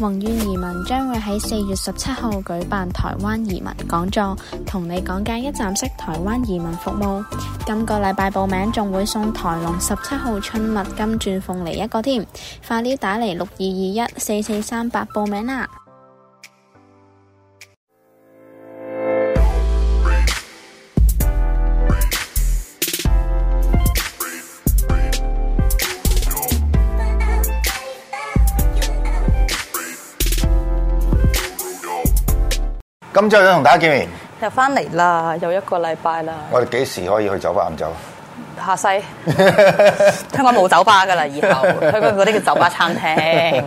宏願移民將會喺四月十七號舉辦台灣移民講座，同你講解一站式台灣移民服務。今個禮拜報名仲會送台農十七號春蜜金鑽鳳梨一個添，快啲打嚟六二二一四四三八報名啦！今朝就同大家見面，又翻嚟啦，又一個禮拜啦。我哋幾時可以去酒吧飲酒？下世，香港冇酒吧噶啦，以後香港嗰啲叫酒吧餐廳。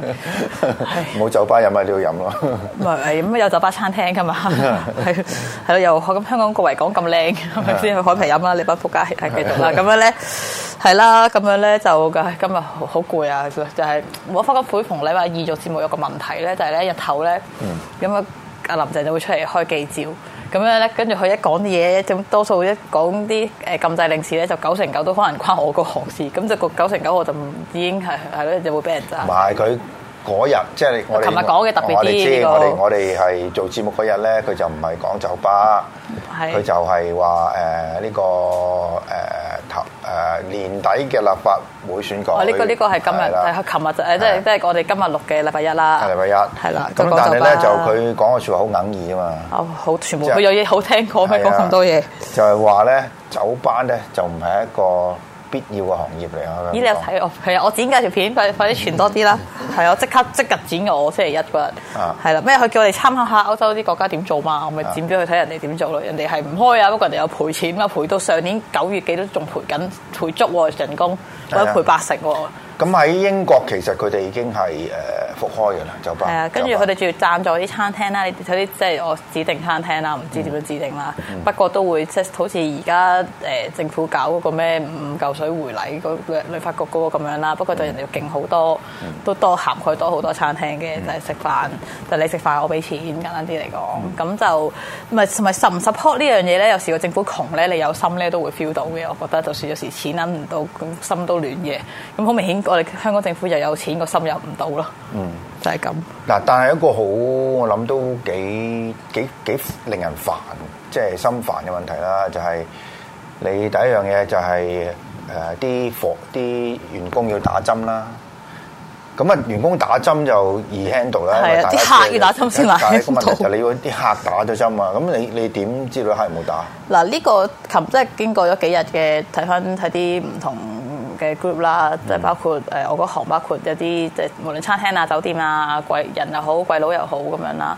冇酒吧飲咪都要飲咯。唔係，咁有酒吧餐廳㗎嘛？係咯，又咁香港個維港咁靚，咪先去海皮飲啦，你班仆街喺度啦。咁樣咧，係啦，咁樣咧就今日好攰啊！就係、就是、我發覺每逢禮拜二做節目有個問題咧，就係、是、咧日頭咧咁樣。嗯。阿林鄭就會出嚟開記招，咁樣咧，跟住佢一講啲嘢，一種多數一講啲誒禁制令事咧，就九成九都可能關我個行事，咁就個九成九我就唔知已經係係咯，就會俾人揸。唔係佢嗰日，即係我琴日講嘅特別啲。我哋知，我哋我哋係做節目嗰日咧，佢就唔係講酒吧，佢就係話誒呢個誒。誒年底嘅立法會選舉，呢、哦呢個呢、呢個係今日係，琴日就誒，即係即係我哋今日錄嘅禮拜一啦，禮拜一係啦。咁但係咧，就佢講嘅説、嗯、話好揞耳啊嘛。哦，好，全部佢有嘢好聽講咩，講咁多嘢，就係、是、話咧，話就是、酒吧咧就唔係一個。必要嘅行業嚟啊！咦你有睇我係啊！我剪嘅條片快快啲傳多啲啦！係啊，即刻即刻剪我星期一嗰日係啦。咩佢、啊、叫我哋參考下歐洲啲國家點做嘛？我咪剪咗去睇人哋點做咯。人哋係唔開啊，不過人哋有賠錢啊，賠到上年九月幾都仲賠緊，賠足人工，有賠八成。咁、啊、喺英國其實佢哋已經係誒。呃復開嘅啦，酒吧。係啊，跟住佢哋仲要贊助啲餐廳啦，你睇啲即係我指定餐廳啦，唔知點樣指定啦、嗯。不過都會即係好似而家誒政府搞嗰個咩五舊水回禮嗰、嗰個旅發局嗰個咁樣啦。不過對人哋勁好多、嗯，都多涵蓋、嗯、多好多餐廳嘅、嗯，就係食飯。就係、你食飯，我俾錢簡單啲嚟講。咁、嗯、就唔係同唔 support 呢樣嘢咧。有時個政府窮咧，你有心咧都會 feel 到嘅。我覺得就算有時錢揾唔到，咁心都暖嘅。咁好明顯，我哋香港政府又有錢，個心又唔到咯。嗯就係咁嗱，但係一個好，我諗都幾幾幾令人煩，即係心煩嘅問題啦。就係你第一樣嘢就係誒啲貨，啲員工要打針啦。咁啊，員工打針就易 handle 啦，或者啲客要打針先難 handle。個問題就你要啲客打咗針啊，咁你你點知道客人冇打？嗱，呢個琴即係經過咗幾日嘅睇翻睇啲唔同。嘅 group 啦，即係包括誒我嗰行，包括一啲即係無論餐廳啊、酒店啊、貴人又好、貴佬又好咁樣啦。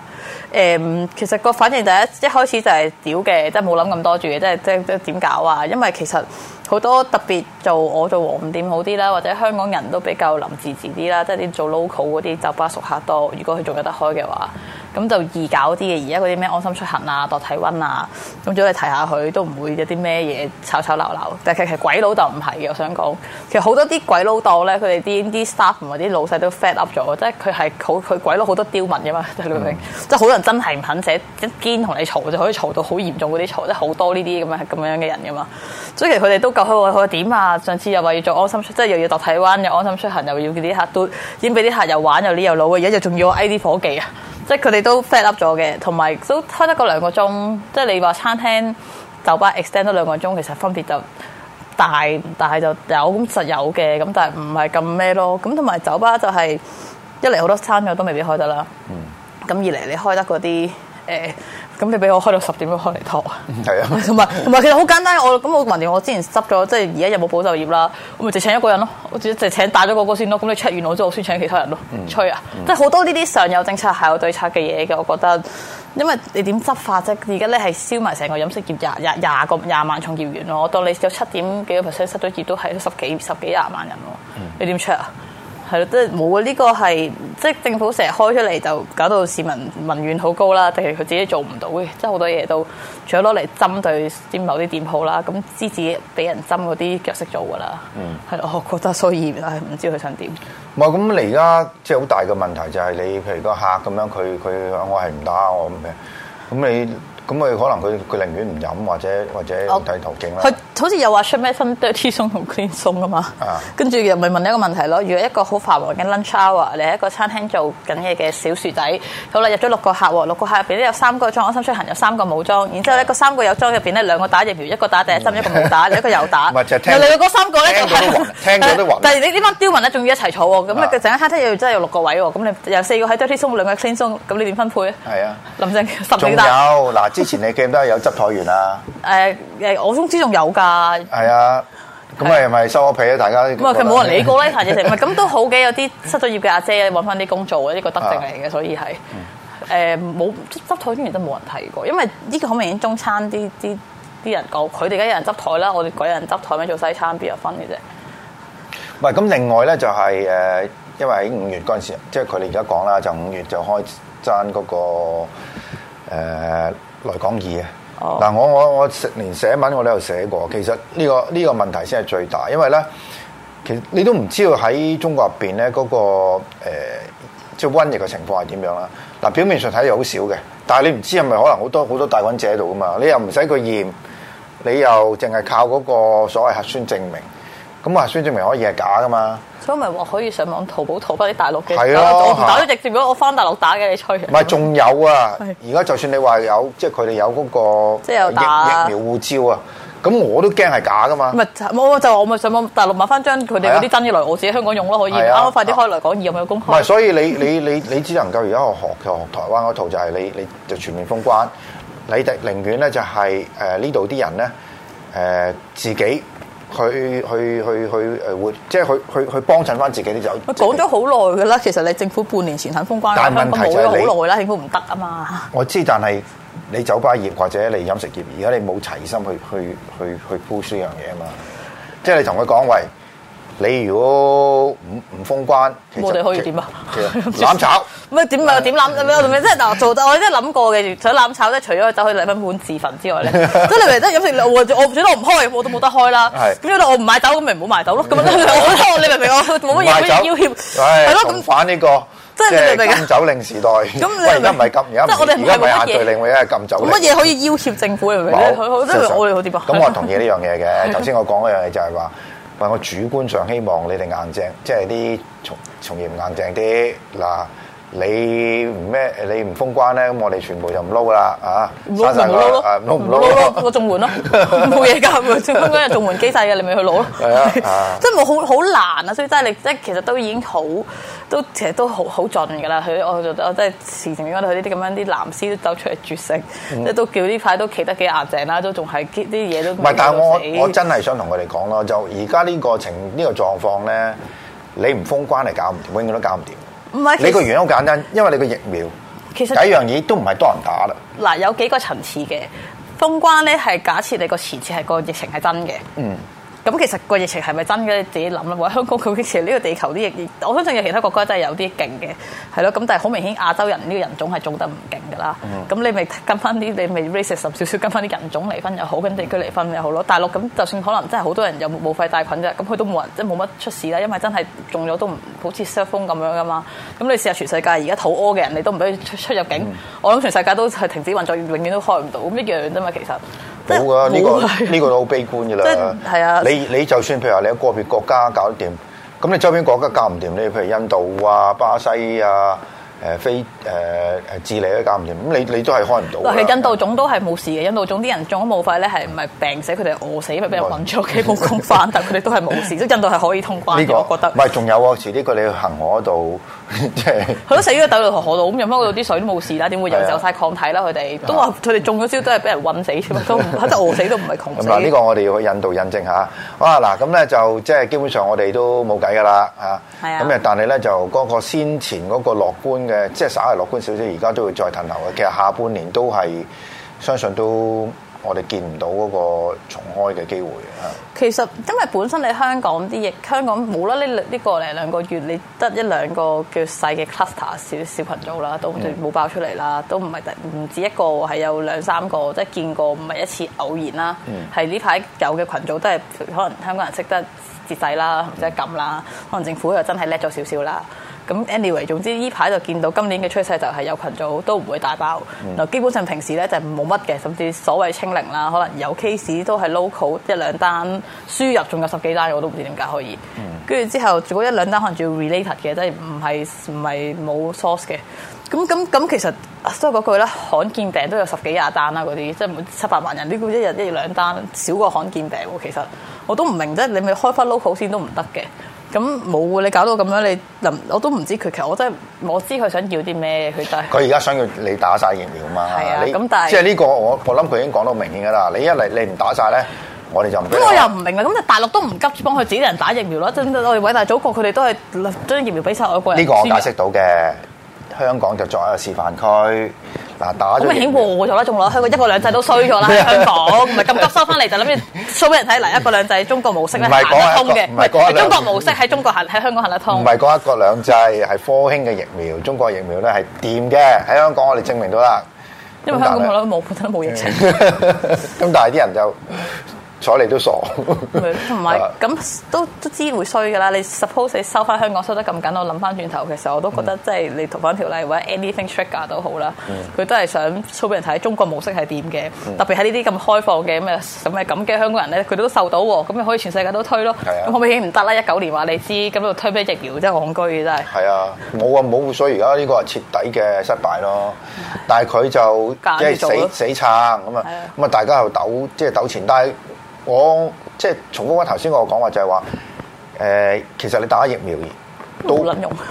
誒，其實個反應就係、是、一開始就係屌嘅，即係冇諗咁多住嘅，即係即即點搞啊？因為其實。好多特別做我做黃店好啲啦，或者香港人都比較臨時治啲啦，即係啲做 local 嗰啲酒吧熟客多。如果佢仲有得開嘅話，咁就易搞啲嘅。而家嗰啲咩安心出行啊、度體溫啊，咁都你提下佢，都唔會有啲咩嘢吵吵鬧鬧。但其實鬼佬就唔係嘅，我想講，其實好多啲鬼佬檔咧，佢哋啲啲 staff 同埋啲老細都 fed up 咗，即係佢係好佢鬼佬好多刁民噶嘛，明唔明？即係好多人真係唔肯寫一肩同你嘈就可以嘈到好嚴重嗰啲嘈，即係好多呢啲咁啊咁樣嘅人噶嘛，所以其實佢哋都。佢話佢話點啊？上次又話要做安心出，即係又要度體温，又安心出行，又要啲客都已經俾啲客又玩又呢又老嘅，而家又仲要 A 啲伙計啊！即係佢哋都 fat up 咗嘅，同埋都開得個兩個鐘。即係你話餐廳、酒吧 extend 多兩個鐘，其實分別就大，但係就有咁實有嘅，咁但係唔係咁咩咯？咁同埋酒吧就係、是、一嚟好多餐廳都未必開得啦。咁二嚟你開得嗰啲。誒、欸，咁你俾我開到十點都開嚟拖啊？係啊、嗯，同埋同埋其實好簡單，我咁我問你，我之前執咗，即係而家有冇保就業啦？我咪就請一個人咯，我直係請打咗個工先咯。咁你查完我之後，先請其他人咯，吹啊！ 即係好多呢啲上有政策下有對策嘅嘢嘅，我覺得，因為你點執法啫？而家咧係燒埋成個飲食業廿廿廿個廿萬從業員咯。我當你有七點幾個 percent 失咗業都係十幾十幾廿萬人喎，你點查啊？係咯、這個，即係冇啊！呢個係即係政府成日開出嚟，就搞到市民民怨好高啦。定係佢自己做唔到嘅，即係好多嘢都，除咗攞嚟針對啲某啲店鋪啦，咁自己俾人針嗰啲腳識做噶啦。嗯，係咯，我覺得所以唔知佢想點、嗯。唔係咁你而家即係好大嘅問題就係你，譬如個客咁樣，佢佢我係唔打我咁嘅。咁你咁佢可能佢佢寧願唔飲或者或者睇途徑啦。好似又話出咩分 dirty 鬆同 clean 鬆噶嘛？跟、啊、住又咪問你一個問題咯。如果一個好繁忙嘅 lunch hour，你喺一個餐廳做緊嘢嘅小雪仔，好啦，入咗六個客喎，六個客入邊咧有三個裝安心出行，有三個冇裝。然之後咧個三個有裝入面咧兩個打疫苗，一個打第一針，一個冇打，一個有打。咪、嗯、就三聽到都暈，聽， 聽但係你呢班刁民咧，仲要一齊坐喎。咁啊，成間餐廳又真係有六個位喎。咁你有四個喺 dirty 鬆，兩個 clean 鬆，咁你點分配？係啊林，林靜十幾打有嗱，之前你 game 有執台員啊。呃、我公司仲有㗎。係啊，咁咪咪收咗皮啊。大家。咁係佢冇人理過呢份嘢食唔係咁都好嘅，有啲失咗業嘅阿姐揾翻啲工做啊。呢個得定嚟嘅，所以係誒冇執台當然都冇人提過，因為呢個好明顯中餐啲啲啲人講，佢哋而家有人執台啦，我哋嗰人執台咪做西餐，邊有分嘅啫。唔係咁，另外咧就係誒，因為喺五月嗰陣時候，即係佢哋而家講啦，就五、是、月就開爭嗰、那個誒、呃、來港易啊。嗱、哦，我我我食連寫文我都有寫過，其實呢個呢個問題先係最大，因為咧，其實你都唔知道喺中國入邊咧嗰個誒，即係瘟疫嘅情況係點樣啦。嗱，表面上睇又好少嘅，但係你唔知係咪可能好多好多帶菌者喺度噶嘛？你又唔使佢驗，你又淨係靠嗰個所謂核酸證明。咁啊，孫證明可以係假噶嘛？所以咪話可以上網淘寶淘翻啲大陸嘅，我唔打都直接，畀我翻大陸打嘅，你吹。唔係仲有啊？而家就算你話有，即係佢哋有嗰個即係疫疫苗護照啊，咁我都驚係假噶嘛。唔係，冇就我咪上網大陸買翻張佢哋嗰啲真嘅來，我自己香港用咯，可以啱，啱啱快啲開來講驗有功效。唔係，所以你你你你只能夠而家學學台灣嗰套，就係你你就全面封關，你哋寧願咧就係呃，呢度啲人咧呃自己。佢去去去誒，會即係去去去幫襯翻自己啲酒。我講咗好耐㗎啦，其實你政府半年前肯封關，但係問題就係你，冇咗好耐啦，政府唔得啊嘛？我知，但係你酒吧業或者你飲食業，而家你冇齊心去去去去 push 呢樣嘢啊嘛，即係你同佢講：喂。你如果唔唔封關，我哋可以點啊？攬炒？唔係點？唔係點攬？咩即係嗱，做得我真係諗過嘅。除咗攬炒咧，除咗走去禮賓館自焚之外咧，即係你明？即係飲食我我最多唔開，我都冇得開啦。咁最多我唔賣酒，咁咪唔好賣酒咯。咁、嗯、啊，你明唔明啊？我冇乜嘢可以要挾。係咯，咁 我 買酒 反呢、這個即係 禁酒令時代。咁而家唔係禁，而家而家唔係限聚令， 我依家係禁酒令。乜嘢可以要挾政府？你明唔明即係我哋好啲吧。咁我同意呢樣嘢嘅。頭先我講嗰樣嘢就係話。我主觀上希望你哋硬淨，即係啲從從業唔硬淨啲嗱。你唔咩？你唔封關咧，咁我哋全部就唔撈啦，啊，散散我，唔撈咯，我仲換咯，冇嘢噶，封仲就換機曬嘅，你咪去攞咯，即係冇好好難啊！所以真係你即係其實都已經好，都其實都好好盡㗎啦。佢我覺得，即係事情嗰度，佢呢啲咁樣啲藍絲都走出嚟絕食，即、嗯、係都叫呢排都企得幾硬淨啦，都仲係啲嘢都唔係。但係我我真係想同佢哋講咯，就而家呢個情呢 個狀況咧，你唔封關係搞唔掂，永遠都搞唔掂。唔係，你個原因好簡單，因為你個疫苗其實第一樣嘢都唔係多人打啦。嗱，有幾個層次嘅封關咧，係假設你個前設係個疫情係真嘅。嗯。咁其實個疫情係咪真嘅？你自己諗啦。喎，香港佢其實呢個地球啲疫，我相信有其他國家真係有啲勁嘅，係咯。咁但係好明顯亞洲人呢個人種係中得唔勁㗎啦。咁、mm -hmm. 你咪跟翻啲，你咪 race 咁少少，跟翻啲人種嚟分又好，跟地區嚟分又好咯。大陸咁就算可能真係好多人又冇肺帶菌啫，咁佢都冇人即冇乜出事啦。因為真係中咗都唔好似 s e r f 風咁樣㗎嘛。咁你試下全世界而家肚屙嘅人，你都唔俾佢出入境，mm -hmm. 我諗全世界都係停止運作，永遠都開唔到，一樣啫嘛，其實。冇啊，呢個呢 個都好悲觀噶啦、啊。你，你就算譬如話你喺個別國家搞得掂，咁你周邊國家搞唔掂，你譬如印度啊、巴西啊。誒非誒誒治理都搞唔掂，咁、呃、你你都係開唔到。嗱，印度總係係係 都係冇事嘅，印度總啲人中咗武肺咧，係唔係病死佢哋，餓死咪俾人韞咗屋企冇工翻，但佢哋都係冇事，即印度係可以通關嘅，呢個，我覺得。唔係，仲有啊，遲啲佢哋去恆河度，即係好多死於喺恆河度，咁飲翻嗰度啲水都冇事啦，點會人走晒抗體啦？佢哋都話佢哋中咗招，都係俾人餓死，都唔係病死。嗱，呢個我哋要去印度印證一下。好哇，嗱咁咧就即係基本上我哋都冇計㗎啦，啊，咁啊但係咧就嗰個先前嗰個樂觀。嘅即係稍為樂觀少少，而家都會再騰流嘅。其實下半年都係相信都我哋見唔到嗰個重開嘅機會嘅。其實因為本身你香港啲嘢，香港冇啦呢呢個零兩個月，你得一兩個叫細嘅 cluster 小小群組啦，都冇爆出嚟啦，嗯、都唔係唔止一個，係有兩三個，即係見過唔係一次偶然啦。係呢排有嘅群組都係可能香港人識得節制啦，唔使撳啦，可能政府又真係叻咗少少啦。咁 anyway，總之依排就見到今年嘅趨勢就係有群組都唔會大爆，嗱、嗯、基本上平時咧就冇乜嘅，甚至所謂清零啦，可能有 case 都係 local 一兩單輸入，仲有十幾單我都唔知點解可以。跟、嗯、住之後，如果一兩單可能仲要 related 嘅，即係唔係唔係冇 source 嘅。咁咁咁其實所以嗰句呢，罕見病都有十幾廿單啦，嗰啲即係七百萬人呢個一日一日兩單少過罕見病喎。其實我都唔明，即係你咪開翻 local 先都唔得嘅。咁冇你搞到咁樣，你，我都唔知佢其實，我真係我知佢想要啲咩，佢就佢而家想要你打晒疫苗嘛，係啊，你，咁但係即係呢個我我諗佢已經講到明顯㗎啦，你一嚟你唔打晒咧，我哋就唔咁我又唔明啦，咁就大陸都唔急住幫佢自己人打疫苗咯，真係我哋偉大祖國，佢哋都係將疫苗俾曬外國人，呢個我解釋到嘅，香港就作為一個示範區。嗱打咗，咁明顯和咗啦，仲攞香港一國兩制都衰咗啦， 喺香港唔係咁急收翻嚟就諗住 show 俾人睇，嚟一國兩制中國模式咧行得通嘅，唔係中國模式喺中國行喺香港行得通嘅。唔係講一國兩制係科興嘅疫苗，中國的疫苗咧係掂嘅，喺香港我哋證明到啦。因為香港我覺得冇，覺得冇疫情。咁但係啲人就。睬你傻 都傻，唔係，咁都都知會衰㗎啦。你 suppose 你收翻香港收得咁緊，我諗翻轉頭嘅時候，我都覺得、嗯、即係你逃犯條例或者 anything trigger 都好啦，佢、嗯、都係想 show 俾人睇中國模式係點嘅。嗯、特別係呢啲咁開放嘅咁嘅咁嘅香港人咧，佢都受到喎，咁又可以全世界都推咯。咁可唔、啊、可以？唔得啦！一九年話你知咁，就推咩疫苗真係戇居。真係。係啊，冇啊冇，所以而家呢個係徹底嘅失敗咯。但係佢就即係死死撐咁啊咁啊，大家又抖即係抖錢，但係。我即係重嗰個頭先我講話就係、是、話，其實你打疫苗都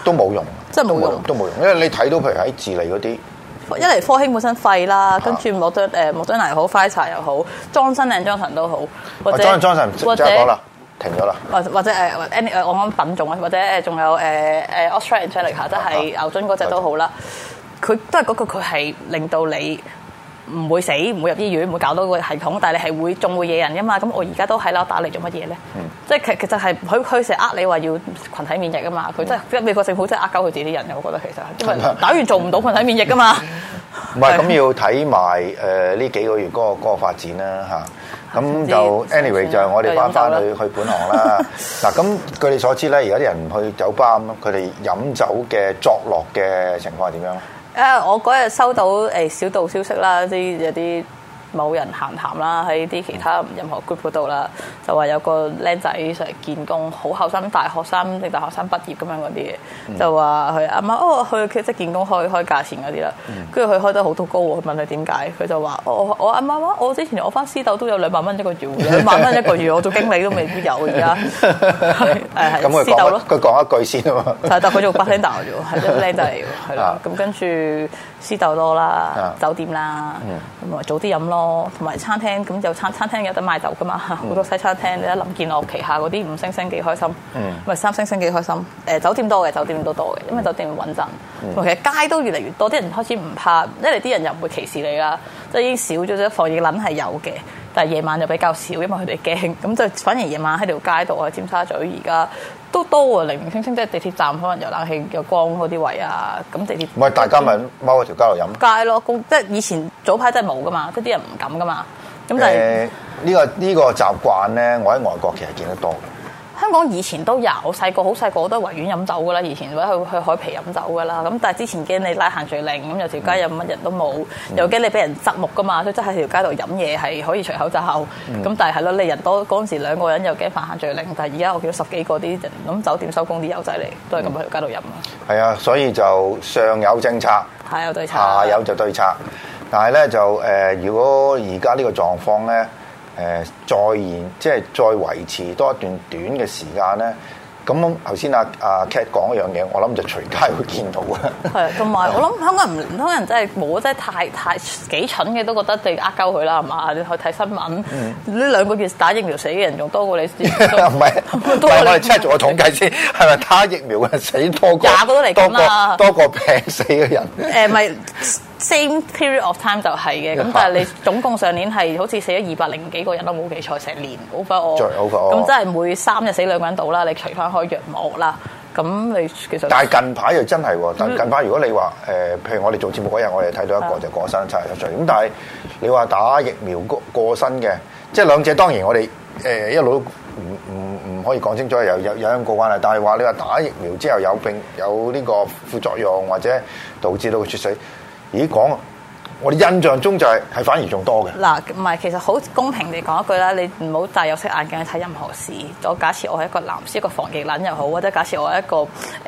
都冇用，即係冇用，都冇用，用，用，因為你睇到譬如喺智利嗰啲，一嚟科興本身廢啦，跟住莫得誒莫得泥好，快查又好，裝身靚裝神都好，或 n 裝神裝神唔知，唔 o 我講啦，停咗啦，或或者誒 any 我啱品種啊，或者誒仲、呃呃、有、呃、Australia 即係、啊就是、牛津嗰隻都好啦，佢都係嗰個佢係令到你。唔會死，唔會入醫院，唔會搞到個系統。但係你係會中會惹人嘅嘛。咁我而家都喺度打嚟做乜嘢咧？嗯、即係其實係佢佢成日呃你話要群體免疫啊嘛。佢真係美國政府真係呃鳩佢自己啲人嘅，我覺得其實因為打完做唔到群體免疫噶嘛嗯嗯嗯唔係。唔係咁要睇埋誒呢幾個月嗰、嗰個嗰發展啦嚇。咁就 anyway 們就係我哋翻翻去去本行啦。嗱咁據你所知咧，而家啲人去酒吧佢哋飲酒嘅作樂嘅情況係點樣咧？誒，我嗰日收到誒小道消息啦，啲有啲。冇人閒談啦，喺啲其他任何 group 度啦，就話有個僆仔成日見工，好後生，大學生定大學生畢業咁樣嗰啲，就話佢阿媽，媽哦，佢即係見工開開價錢嗰啲啦，跟住佢開得好多高，佢問佢點解，佢就話、哦、我我阿媽話我之前我翻私竇都有兩萬蚊一個月，兩萬蚊一個月，我做經理都未必有而家，係係私竇咯，佢 講、 嗯嗯、一句先但佢做 bartender 喎，係僆仔嚟啦，咁、啊嗯、跟住私竇多啦，啊、酒店啦，咁、嗯、話早啲飲咯。哦，同埋餐廳咁就餐餐廳有得賣酒㗎嘛，好、嗯、多西餐廳你一諗見我旗下嗰啲五星星幾開心，咪、嗯、三星星幾開心，誒、呃、酒店多嘅酒店都多嘅，因為酒店穩陣，同埋其實街都越嚟越多，啲人開始唔怕，因為啲人又唔會歧視你啦，即係已經少咗啲防疫諗係有嘅。但係夜晚就比較少，因為佢哋驚，咁就反而夜晚喺條街度啊，尖沙咀而家都多啊，零零星星即係地鐵站可能有冷氣、有光嗰啲位啊，咁地鐵唔係大家咪踎喺條街度飲街咯，即係以前早排真係冇㗎嘛，嗰啲人唔敢㗎嘛，咁就呢、係呃呢個呢、呢個習慣咧，我喺外國其實見得多。香港以前都有，細個好細個都喺維園飲酒噶啦，以前或者去去海皮飲酒噶啦。咁但係之前驚你拉限聚令，咁有條街有乜人都冇、嗯，又驚你俾人執目噶嘛。所以真喺條街度飲嘢係可以除口就口。咁、嗯、但係係咯，你人多嗰陣時兩個人又驚犯限聚令。但係而家我見到十幾個啲人，咁酒店收工啲友仔嚟都係咁喺條街度飲啊。係啊，所以就上有政策，下有就對策。下有就對策，但係咧就誒、呃，如果而家呢個狀況咧。誒、呃、再延即係再維持多一段短嘅時間咧，咁頭先阿啊，啊 Kate 講一樣嘢，我諗就隨街會見到嘅。係，同 埋我諗香港人唔多人真係冇真係太太幾蠢嘅，都覺得你呃鳩佢啦，係嘛？你去睇新聞，呢、嗯、兩個月打疫苗死嘅人仲多過你。唔 係， 我哋即係做個統計先，係咪打疫苗嘅死多過廿 個都嚟講啊？多過病死嘅人 、呃。誒 唔 Same period of time 就係嘅，咁 但係你總共上年係好似死咗二百零幾個人都冇記錯，成年唔好快哦。追、啊、咁真係每三日死兩個人到啦，你除翻開藥膜啦，咁你其實但係近排又真係喎。但近排如果你話誒、呃，譬如我哋做節目嗰日，我哋睇到一個就過身，就係追。咁但係你話打疫苗過過身嘅，即係兩者當然我哋誒、呃、一路都唔唔唔可以講清楚，有有有樣過關啦。但係話你話打疫苗之後有病有呢個副作用，或者導致到佢猝死。咦，講啊！我哋印象中就係、係、反而仲多嘅。嗱，唔係，其實好公平地講一句啦，你唔好戴有色眼鏡去睇任何事。我假設我係一個男士，一個防疫撚又好，或者假設我係一個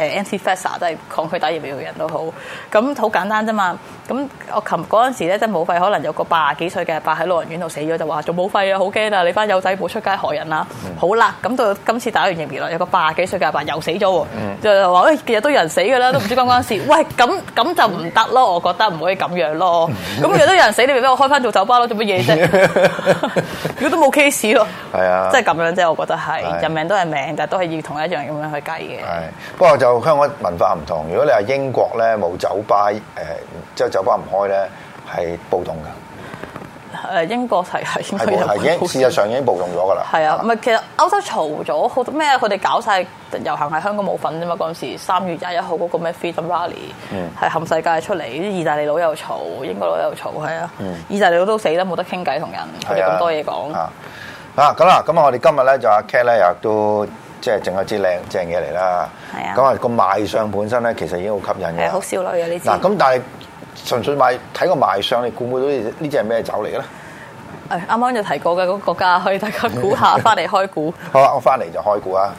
anti-fascist 即係抗拒打疫苗嘅人都好。咁好簡單啫嘛。咁我琴嗰陣時咧，即係冇肺，可能有個八十幾歲嘅阿伯喺老人院度死咗，就話仲冇肺啊，好驚啊！你班友仔冇出街害人啦、啊。嗯、好啦，咁到今次打完疫苗啦，有個八十幾歲嘅阿伯又死咗，嗯、就話、欸、日日都有人死㗎啦，都唔知關唔關事。 喂，咁咁就唔得咯，我覺得唔可以咁樣咯。嗯咁 如果都有人死，你咪俾我開返做酒吧咯，做乜嘢啫？ 如果都冇 case 咯，係啊，即係咁樣啫，我覺得係人命都係命，但係都係要同一樣咁樣去計嘅。係，不過就香港文化唔同。如果你話英國咧冇酒吧，誒即係酒吧唔開咧，係暴動㗎。誒，英國係係已經事實上已經暴動咗㗎啦。係啊，唔係其實歐洲嘈咗好多咩？佢哋搞晒遊行喺香港冇份啫嘛。嗰陣時三月廿一號嗰個咩 Freedom Rally 係、嗯、冚世界出嚟。啲意大利佬又嘈，英國佬又嘈，係啊。意大利佬、嗯、都死啦，冇得傾偈同人，佢哋咁多嘢講。啊咁啦，咁啊我哋今日咧就阿 Cat 咧又都即係整一支靚正嘢嚟啦。係啊。咁、那、啊個賣相本身咧其實已經好吸引嘅。係好少女啊！呢支嗱咁，但係。純粹買睇個賣相，你估唔估到呢？呢隻係咩酒嚟嘅咧？誒，啱啱就提過嘅嗰個國家，可以大家估下，翻 嚟開估。好啦，我翻嚟就開估啊！